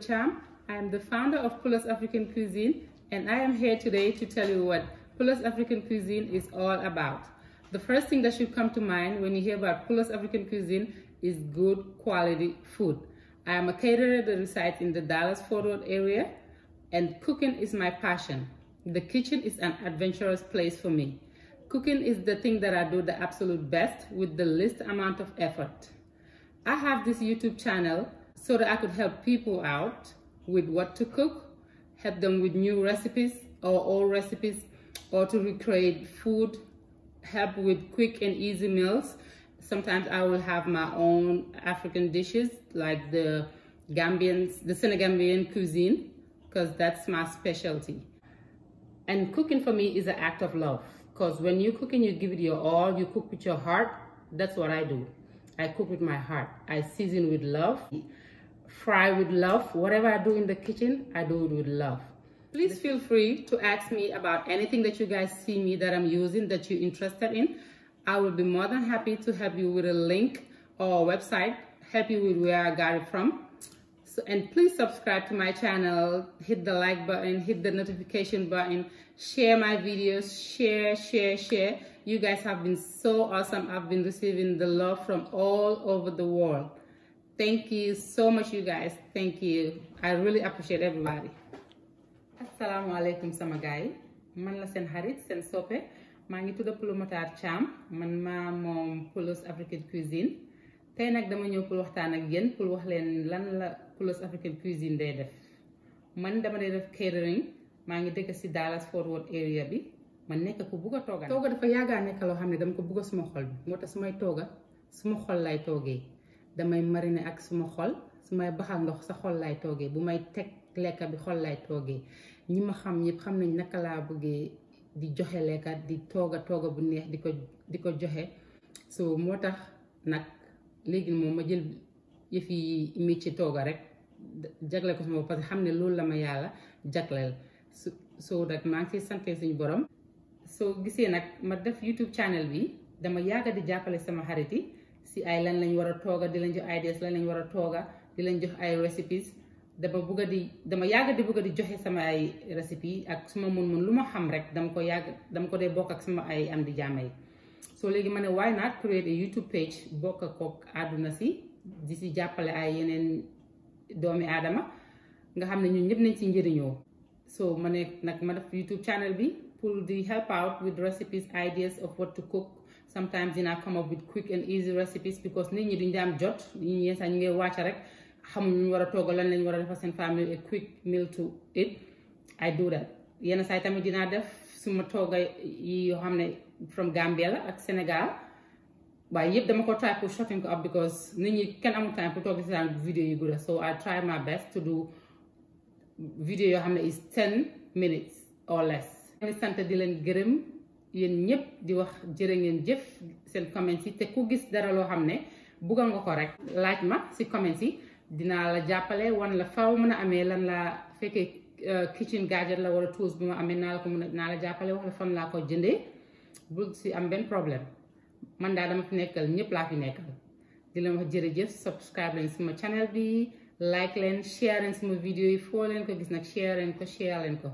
Cham. I am the founder of Pulos African Cuisine and I am here today to tell you what Pulos African Cuisine is all about. The first thing that should come to mind when you hear about Pulos African Cuisine is good quality food. I am a caterer that resides in the Dallas-Fort Worth area and cooking is my passion. The kitchen is an adventurous place for me. Cooking is the thing that I do the absolute best with the least amount of effort. I have this YouTube channel so that I could help people out with what to cook, help them with new recipes or old recipes, or to recreate food, help with quick and easy meals. Sometimes I will have my own African dishes like the Gambians, the Senegambian cuisine, because that's my specialty. And cooking for me is an act of love, because when you're cooking, you give it your all, you cook with your heart. That's what I do. I cook with my heart. I season with love fry with love. Whatever I do in the kitchen, I do it with love. Please feel free to ask me about anything that you guys see me that I'm using that you're interested in. I will be more than happy to help you with a link or a website, help you with where I got it from. So, and please subscribe to my channel, hit the like button, hit the notification button, share my videos, share, share, share. You guys have been so awesome. I've been receiving the love from all over the world. Thank you so much, you guys. Thank you. I really appreciate everybody. Assalamu alaikum sama gaay man la sen harit, sen sope. maa ngi tudd Matar cham. man ma mom pulus African Cuisine tey nak dama ñëw pour waxtaan ak yéen pour wax leen lan la Poulou's African Cuisine day def man dama day def catering maa ngi dëkk si Dallas Fort Worth area bi man nekk ku bugg a tooga tooga dafa yàggaa nekk loo xam ne dama ko bugg a suma xol bi suma xol lay damay mariner ak suma xol su may baxal ndox sa xol laay toogee bu may teg lekka bi xol laay toogee ñi ma xam ñëpp xam nañ naka laa bëggee di joxe lekka di tooga tooga bu neex di ko di ko joxe so moo tax nag léegi moom ma jël yëf yi métier tooga rek jagle ko parce que xam ne loolu la ma yàlla jagleel so soo nag maa ngi ciy sante suñu borom soo gisee nag ma def YouTube channel bi dama yàgg di jàppale sama xarit yi si ay lan lañ war a tooga di lañ jox ay ideas lan lañ war a tooga di lañ jox ay recipes dama bugg a di dama yàgg di bugg di joxe sama ay recipes ak suma mun-mun lu ma xam rek dama ko yàgg dama ko dee bokk ak suma ay am di jàmm yi so léegi ma ne why not create a YouTube page bokk ko àdduna si di si jàppale ay yeneen doomi aadama nga xam ne ñu ñëpp nañ ci njëriñoo so ma ne nag ma def YouTube channel bi pour di help out with recipes ideas of what to cook sometimes dinaa come up with quick and easy recipes because nit ñi duñ daan jot nit ñi saa ñu ngi wàcca rek xamuñ ñu war a togg lan lañ war a defal seen family a quick meal to eat yenn saa yi dinaa def suma togga yi yoo xam ne from Gambia ak Sénégal waaye yëpp dama ko try pour shorten ko up because nit ñi kenn amul time pour toog seetaan vidéo yu gudda so I try my best to do vidéo yoo xam ne is ten minutes or less. sant di leen gërëm yéen ñepp di wax jërë ngeen jëf seen comment yi te ku gis dara lo xam ne bugga nga ko rek laaj ma ci comment yi dina la jappalé wan la faaw mëna amé lan la féké euh, kitchen gadget la wala tools bima amé na la ko mëna na dinaa la jàppale wax la fan laa ko jëndé bu ci am ben problème man da dama fi nekkal ñepp la fi nekkal di la wax jëf subscribe len suma channel bi like len share len suma vidéo yi fo len ko gis nak share len ko share len ko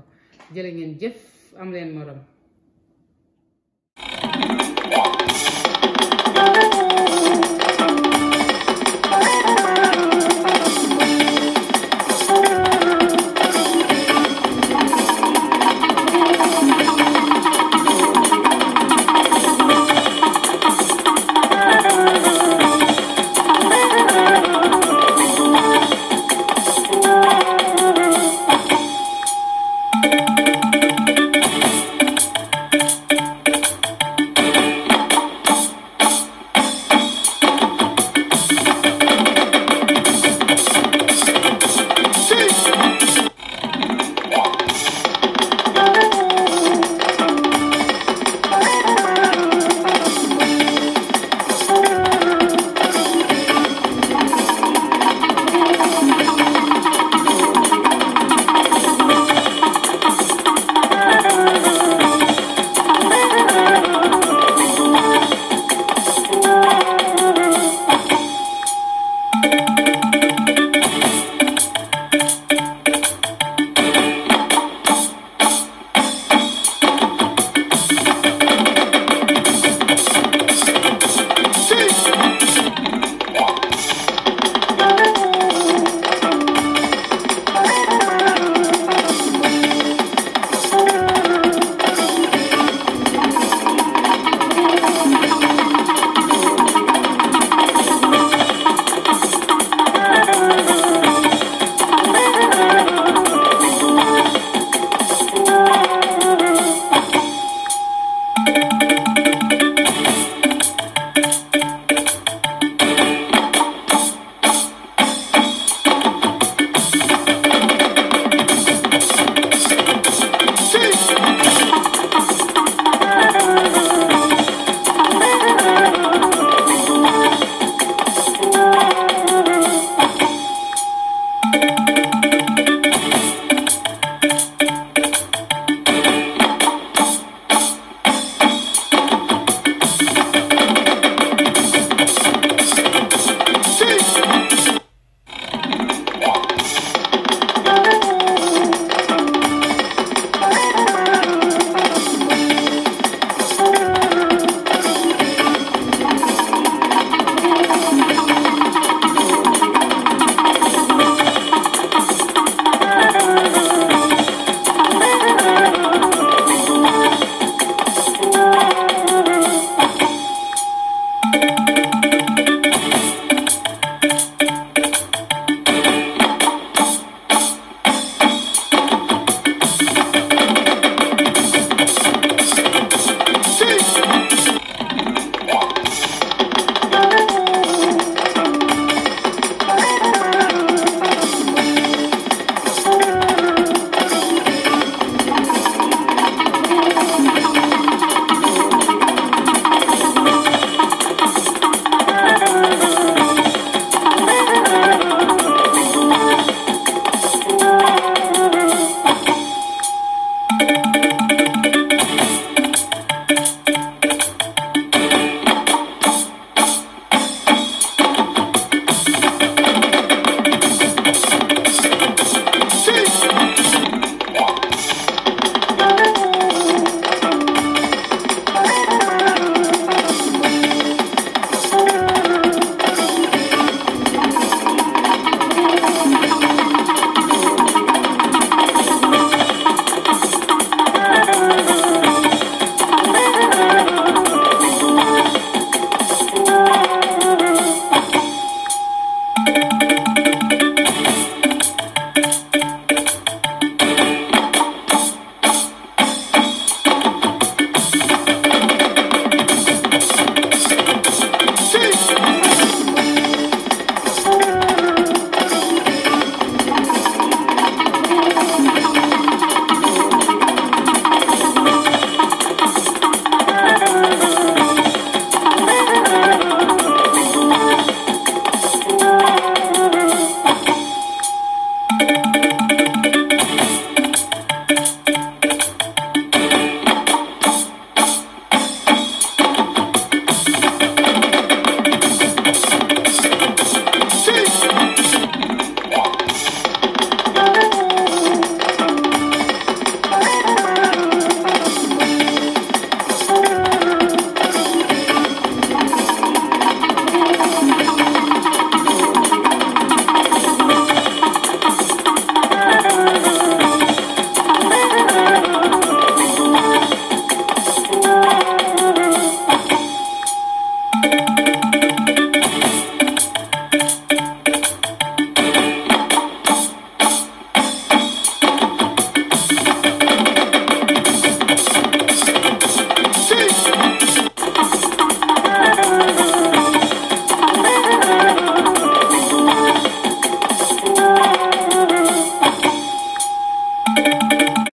jërë ngeen jëf am len morom